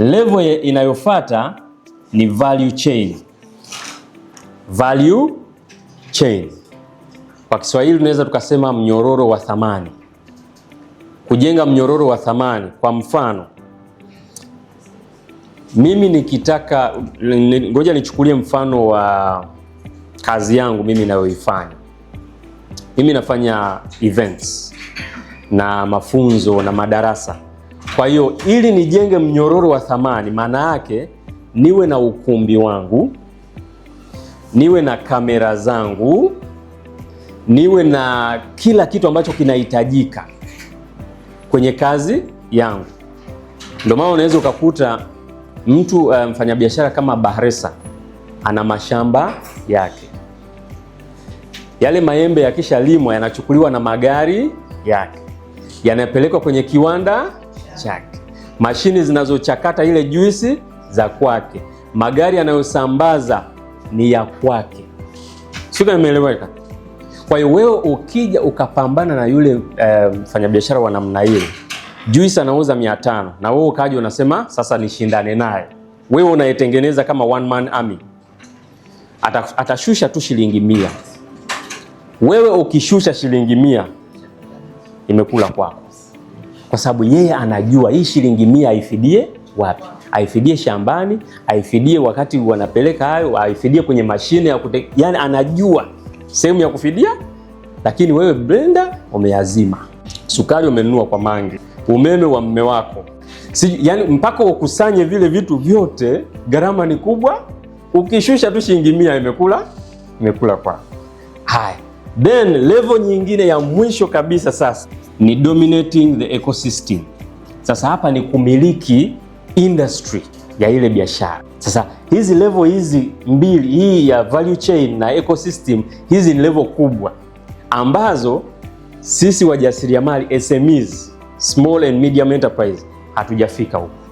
Level inayofuata ni value chain. Value chain kwa Kiswahili tunaweza tukasema mnyororo wa thamani, kujenga mnyororo wa thamani. Kwa mfano mimi nikitaka, ngoja nichukulie mfano wa kazi yangu mimi nayoifanya. Mimi nafanya events na mafunzo na madarasa kwa hiyo ili nijenge mnyororo wa thamani, maana yake niwe na ukumbi wangu, niwe na kamera zangu, niwe na kila kitu ambacho kinahitajika kwenye kazi yangu. Ndio maana unaweza ukakuta mtu eh, mfanyabiashara kama Bahresa ana mashamba yake, yale maembe yakishalimwa yanachukuliwa na magari yake yanapelekwa kwenye kiwanda chake, mashine zinazochakata ile juisi za kwake, magari yanayosambaza ni ya kwake. Sio imeeleweka? Kwa hiyo wewe ukija ukapambana na yule eh, mfanyabiashara eh, wa namna hiyo, juisi anauza 500 na wewe ukaja unasema sasa nishindane naye, wewe unayetengeneza kama one man army, atashusha tu shilingi mia. Wewe ukishusha shilingi mia, imekula kwako kwa sababu yeye anajua hii shilingi mia aifidie wapi, aifidie shambani, aifidie wakati wanapeleka hayo, aifidie kwenye mashine ya kute... yani anajua sehemu ya kufidia, lakini wewe blender umeazima, sukari umenunua kwa mangi, umeme wa mme wako si, yani mpaka ukusanye vile vitu vyote, gharama ni kubwa. Ukishusha tu shilingi mia imekula imekula kwa haya Then level nyingine ya mwisho kabisa sasa ni dominating the ecosystem. Sasa hapa ni kumiliki industry ya ile biashara. Sasa hizi level hizi mbili, hii ya value chain na ecosystem, hizi ni level kubwa ambazo sisi wajasiriamali SMEs, small and medium enterprise hatujafika huko.